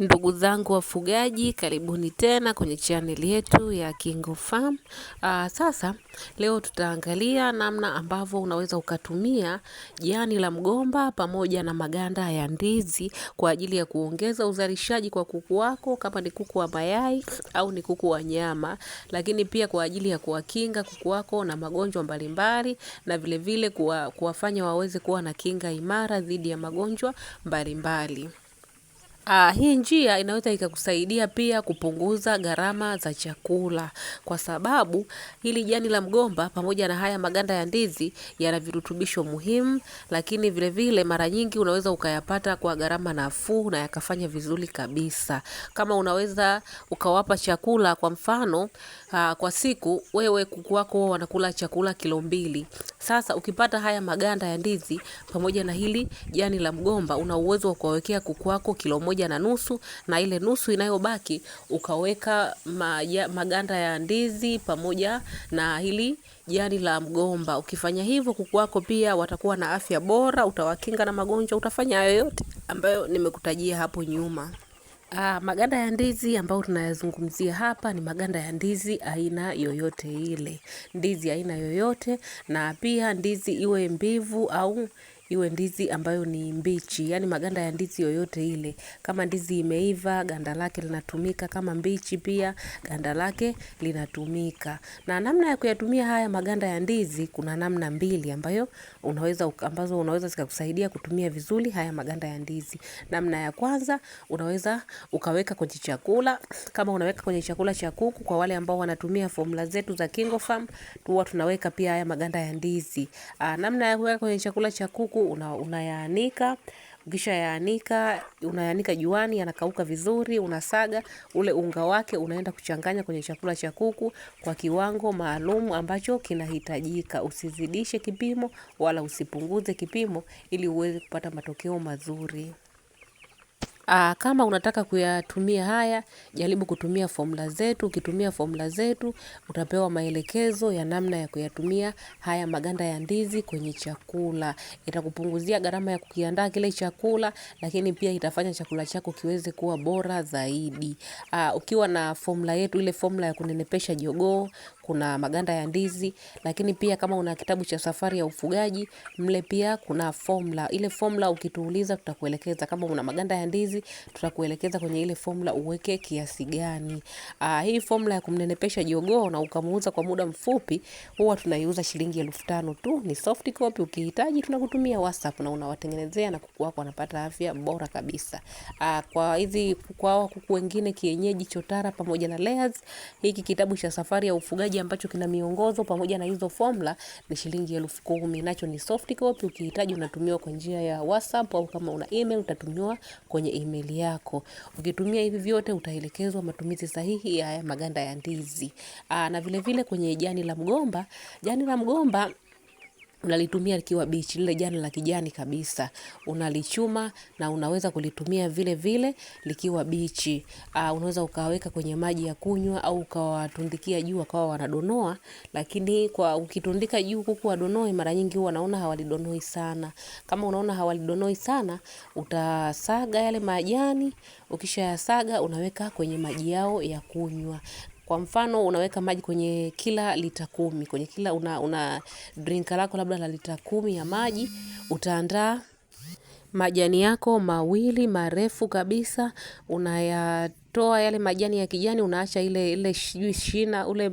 Ndugu zangu wafugaji, karibuni tena kwenye chaneli yetu ya Kingo Farm. Aa, ah, sasa leo tutaangalia namna ambavyo unaweza ukatumia jani la mgomba pamoja na maganda ya ndizi kwa ajili ya kuongeza uzalishaji kwa kuku wako, kama ni kuku wa mayai au ni kuku wa nyama, lakini pia kwa ajili ya kuwakinga kuku wako na magonjwa mbalimbali na vilevile kuwafanya waweze kuwa na kinga imara dhidi ya magonjwa mbalimbali. Uh, hii njia inaweza ikakusaidia pia kupunguza gharama za chakula, kwa sababu hili jani la mgomba pamoja na haya maganda ya ndizi yana virutubisho muhimu, lakini vile vile mara nyingi unaweza ukayapata kwa gharama nafuu na yakafanya vizuri kabisa. Kama unaweza ukawapa chakula, kwa mfano uh, kwa siku wewe kuku wako wanakula chakula kilo mbili. Sasa ukipata haya maganda ya ndizi pamoja na hili jani la mgomba, una uwezo wa kuwawekea kuku wako kilo moja moja na nusu, na ile nusu inayobaki ukaweka maja, maganda ya ndizi pamoja na hili jani la mgomba. Ukifanya hivyo, kuku wako pia watakuwa na afya bora, utawakinga na magonjwa, utafanya yoyote ambayo nimekutajia hapo nyuma. Aa, ah, maganda ya ndizi ambayo tunayazungumzia hapa ni maganda ya ndizi aina yoyote ile, ndizi aina yoyote, na pia ndizi iwe mbivu au iwe ndizi ambayo ni mbichi, yani maganda ya ndizi yoyote ile. Kama ndizi imeiva, ganda lake linatumika, kama mbichi pia ganda lake linatumika. Na namna ya kuyatumia haya maganda ya ndizi, kuna namna mbili ambayo unaweza ambazo unaweza zikakusaidia kutumia vizuri haya maganda ya ndizi. Namna ya kwanza unaweza ukaweka kwenye chakula, kama unaweka kwenye chakula cha kuku, kwa wale ambao wanatumia formula zetu za KingoFarm, huwa tunaweka pia haya maganda ya ndizi. Aa, namna ya kuweka kwenye chakula cha kuku kuku una, unayaanika ukisha yaanika unayaanika juani, yanakauka vizuri, unasaga ule unga wake, unaenda kuchanganya kwenye chakula cha kuku kwa kiwango maalum ambacho kinahitajika. Usizidishe kipimo wala usipunguze kipimo, ili uweze kupata matokeo mazuri. Aa, ah, kama unataka kuyatumia haya, jaribu kutumia formula zetu. Ukitumia formula zetu utapewa maelekezo ya namna ya kuyatumia haya maganda ya ndizi kwenye chakula. Itakupunguzia gharama ya kukiandaa kile chakula, lakini pia itafanya chakula chako kiweze kuwa bora zaidi. Aa, ah, ukiwa na formula yetu, ile formula ya kunenepesha jogoo kuna maganda ya ndizi, lakini pia kama una kitabu cha safari ya ufugaji mle pia kuna formula. Ile formula ukituuliza tutakuelekeza. Kama una maganda ya ndizi tutakuelekeza kwenye ile formula uweke kiasi gani. Ah, hii formula ya kumnenepesha jogoo na ukamuuza kwa muda mfupi huwa tunaiuza shilingi elfu tano tu. Ni soft copy, ukihitaji tunakutumia WhatsApp na unawatengenezea na kuku wako wanapata afya bora kabisa. Ah, kwa hizi kwa kuku wengine kienyeji chotara pamoja na layers, hiki kitabu cha safari ya ufugaji ambacho kina miongozo pamoja na hizo formula ni shilingi elfu kumi. Nacho ni soft copy, ukihitaji unatumiwa kwa njia ya WhatsApp au kama una email utatumiwa kwenye email yako. Ukitumia hivi vyote utaelekezwa matumizi sahihi ya maganda ya ndizi. Aa, na vile vile kwenye jani la mgomba, jani la mgomba unalitumia likiwa bichi, lile jani la kijani kabisa unalichuma na unaweza kulitumia vile vile likiwa bichi. Uh, unaweza ukaweka kwenye maji ya kunywa au ukawatundikia juu wakawa wanadonoa, lakini kwa ukitundika juu kuku wadonoe, mara nyingi huwa naona hawalidonoi sana. Kama unaona hawalidonoi sana, utasaga yale majani, ukishayasaga unaweka kwenye maji yao ya kunywa. Kwa mfano unaweka maji kwenye kila lita kumi, kwenye kila una, una drinka lako labda la lita kumi ya maji, utaandaa majani yako mawili marefu kabisa, unayatoa yale majani ya kijani, unaacha ile ile sijui shina ule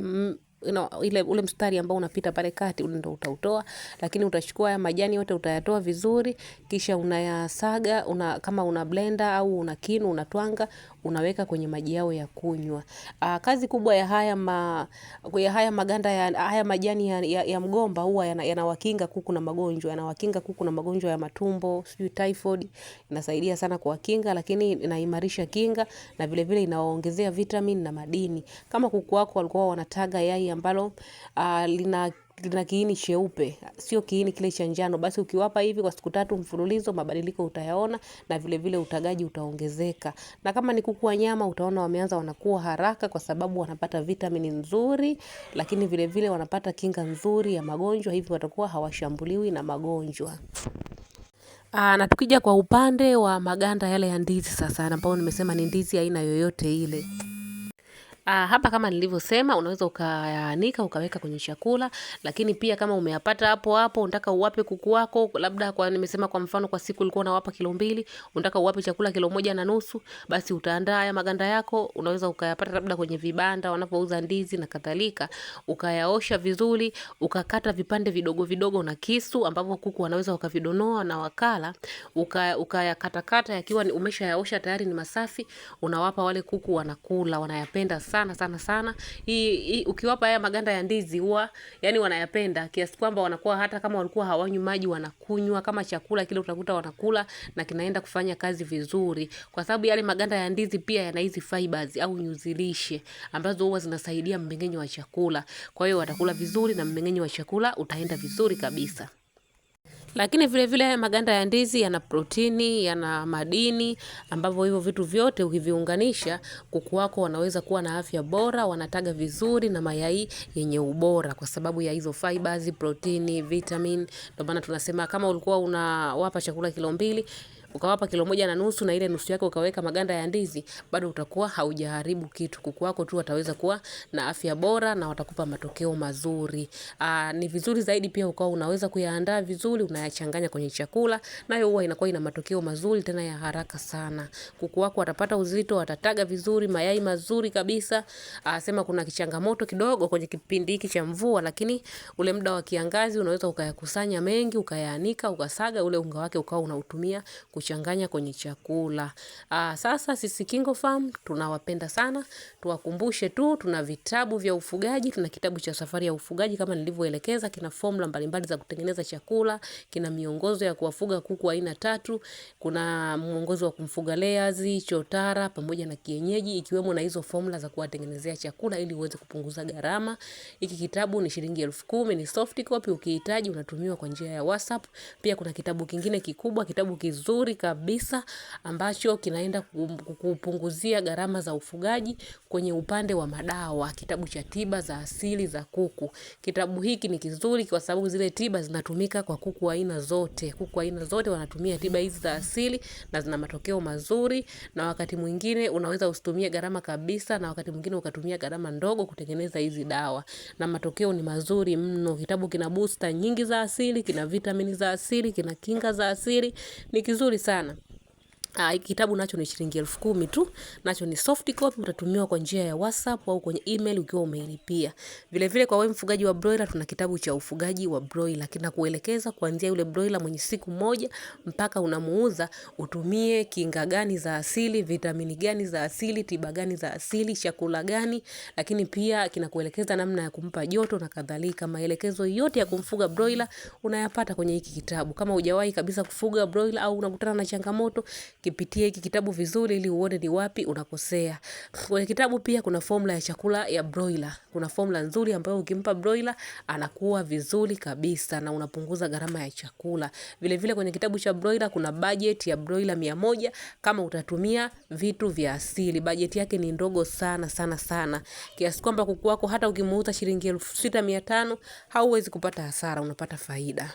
you know, ile, ule mstari ambao unapita pale kati ndo utautoa, lakini utachukua haya majani yote utayatoa vizuri, kisha unayasaga una, kama una blender au una kinu unatwanga, unaweka kwenye maji yao ya kunywa. Uh, kazi kubwa ya haya, ma, ya haya maganda ya haya majani ya, ya, ya mgomba huwa yanawakinga yana kuku na magonjwa, yanawakinga kuku na magonjwa ya matumbo, sijui typhoid, inasaidia sana kuwakinga, lakini inaimarisha kinga na vilevile inawaongezea vitamin na madini. Kama kuku wako walikuwa wanataga yai ambalo uh, lina na kiini cheupe, sio kiini kile cha njano, basi ukiwapa hivi kwa siku tatu mfululizo, mabadiliko utayaona, na vile vile utagaji utaongezeka. Na kama ni kuku wa nyama, utaona wameanza wanakuwa haraka, kwa sababu wanapata vitamini nzuri, lakini vile vile wanapata kinga nzuri ya magonjwa, hivi watakuwa hawashambuliwi na magonjwa. Aa, ah, na tukija kwa upande wa maganda yale ya ndizi sasa, ambayo nimesema ni ndizi aina yoyote ile Ah, hapa kama nilivyosema unaweza ukayaanika ukaweka kwenye chakula, lakini pia kama umeyapata hapo hapo unataka uwape kuku wako, labda kwa nimesema kwa mfano kwa siku ulikuwa unawapa kilo mbili, unataka uwape chakula kilo moja na nusu, basi utaandaa haya maganda yako, unaweza ukayapata labda kwenye vibanda wanapouza ndizi na kadhalika, ukayaosha vizuri, ukakata vipande vidogo vidogo na kisu ambavyo kuku wanaweza wakavidonoa na wakala, ukayakatakata uka yakiwa umeshayaosha tayari ni masafi, unawapa wale kuku wanakula, wanayapenda sana sana sana sana. Hii, hii ukiwapa haya maganda ya ndizi huwa yani wanayapenda kiasi kwamba wanakuwa hata kama walikuwa hawanywi maji wanakunywa kama chakula kile, utakuta wanakula na kinaenda kufanya kazi vizuri, kwa sababu yale maganda ya ndizi pia yana hizi fibers au nyuzilishe ambazo huwa zinasaidia mmeng'enyo wa chakula. Kwa hiyo watakula vizuri na mmeng'enyo wa chakula utaenda vizuri kabisa. Lakini vile vile maganda ya ndizi yana protini, yana madini ambavyo hivyo vitu vyote ukiviunganisha kuku wako wanaweza kuwa na afya bora, wanataga vizuri na mayai yenye ubora kwa sababu ya hizo fibers, protini, vitamin. Ndio maana tunasema kama ulikuwa unawapa chakula kilo mbili ukawapa kilo moja na nusu na ile nusu yako ukaweka maganda ya ndizi, bado utakuwa haujaharibu kitu. Kuku wako tu wataweza kuwa na afya bora na watakupa matokeo mazuri. Aa, ah, ni vizuri zaidi pia ukawa unaweza kuyaandaa vizuri, unayachanganya kwenye chakula, nayo huwa inakuwa ina matokeo mazuri tena ya haraka sana. Kuku wako watapata uzito, watataga vizuri, mayai mazuri kabisa. Aa, ah, sema kuna kichangamoto kidogo kwenye kipindi hiki cha mvua, lakini ule muda wa kiangazi unaweza ukayakusanya mengi, ukayaanika, ukasaga ule unga wake ukawa unautumia kuchanganya kuchanganya kwenye chakula. Aa, ah, sasa sisi Kingo Farm tunawapenda sana. Tuwakumbushe tu tuna vitabu vya ufugaji, tuna kitabu cha safari ya ufugaji kama nilivyoelekeza, kina formula mbalimbali za kutengeneza chakula, kina miongozo ya kuwafuga kuku aina tatu, kuna mwongozo wa kumfuga layers, chotara pamoja na kienyeji ikiwemo na hizo formula za kuwatengenezea chakula ili uweze kupunguza gharama. Hiki kitabu ni shilingi elfu kumi, ni soft copy, ukihitaji unatumiwa kwa njia ya WhatsApp. Pia kuna kitabu kingine kikubwa, kitabu kizuri kizuri kabisa ambacho kinaenda kupunguzia gharama za ufugaji kwenye upande wa madawa, kitabu cha tiba za asili za kuku. Kitabu hiki ni kizuri kwa sababu zile tiba zinatumika kwa kuku aina zote. Kuku aina zote wanatumia tiba hizi za asili na zina matokeo mazuri, na wakati mwingine unaweza usitumie gharama kabisa, na wakati mwingine ukatumia gharama ndogo kutengeneza hizi dawa, na matokeo ni mazuri mno. Kitabu kina booster nyingi za asili, kina vitamini za asili, kina kinga za asili, ni kizuri sana. Uh, kitabu nacho ni shilingi elfu kumi tu, nacho ni soft copy, utatumiwa kwa njia ya WhatsApp au kwenye email ukiwa umeilipia. Vile vile kwa wewe mfugaji wa broiler, tuna kitabu cha ufugaji wa broiler kuelekeza kuanzia yule broiler mwenye siku moja mpaka unamuuza, utumie kinga gani za asili, vitamini gani za asili, tiba gani za asili, chakula gani, lakini pia kinakuelekeza namna ya kumpa joto na kadhalika. Maelekezo yote ya kumfuga broiler unayapata kwenye hiki kitabu. Kama hujawahi kabisa kufuga broiler au unakutana na changamoto kipitie hiki kitabu vizuri ili uone ni wapi unakosea. Kwenye kitabu pia kuna formula ya chakula ya broiler. Kuna formula nzuri ambayo ukimpa broiler anakuwa vizuri kabisa na unapunguza gharama ya chakula. Vile vile kwenye kitabu cha broiler kuna budget ya broiler mia moja kama utatumia vitu vya asili. Budget yake ni ndogo sana sana sana. Kiasi kwamba kuku wako hata ukimuuza shilingi elfu sita mia tano hauwezi kupata hasara, unapata faida.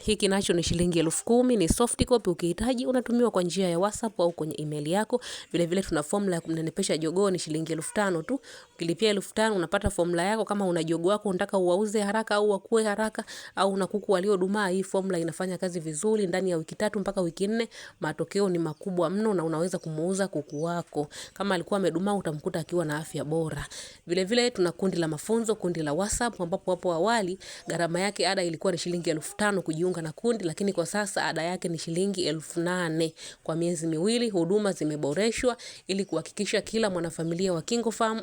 Hiki nacho ni shilingi elfu kumi, ni soft copy. Ukihitaji unatumiwa kwa njia ya WhatsApp au kwenye email yako. Vile vile tuna formula ya kumnenepesha jogoo ni shilingi elfu tano tu. Ukilipia elfu tano unapata formula yako. Kama una jogoo wako unataka uwauze haraka au wakue haraka au una kuku waliodumaa, hii formula inafanya kazi vizuri ndani ya wiki tatu mpaka wiki nne. Matokeo ni makubwa mno na unaweza kumuuza kuku wako. Kama alikuwa amedumaa utamkuta akiwa na afya bora. Vile vile tuna kundi la mafunzo, kundi la WhatsApp ambapo hapo awali gharama yake ada ilikuwa ni shilingi elfu tano kujiunga kujiunga na kundi, lakini kwa sasa ada yake ni shilingi elfu nane kwa miezi miwili. Huduma zimeboreshwa ili kuhakikisha kila mwanafamilia wa KingoFarm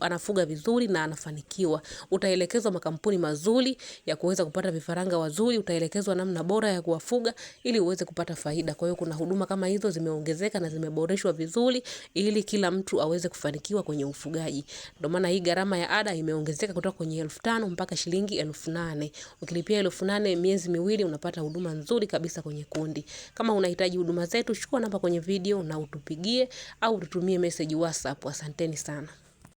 anafuga vizuri na anafanikiwa. Utaelekezwa makampuni mazuri ya kuweza kupata vifaranga wazuri, utaelekezwa namna bora ya kuwafuga ili uweze kupata faida. Kwa hiyo kuna huduma kama hizo zimeongezeka na zimeboreshwa vizuri ili kila mtu aweze kufanikiwa kwenye ufugaji. Ndio maana hii gharama ya ada imeongezeka kutoka kwenye elfu tano mpaka shilingi elfu nane. Ukilipia elfu nane miezi miwili mbili unapata huduma nzuri kabisa kwenye kundi. Kama unahitaji huduma zetu, chukua namba kwenye video na utupigie au tutumie message WhatsApp. Asanteni sana.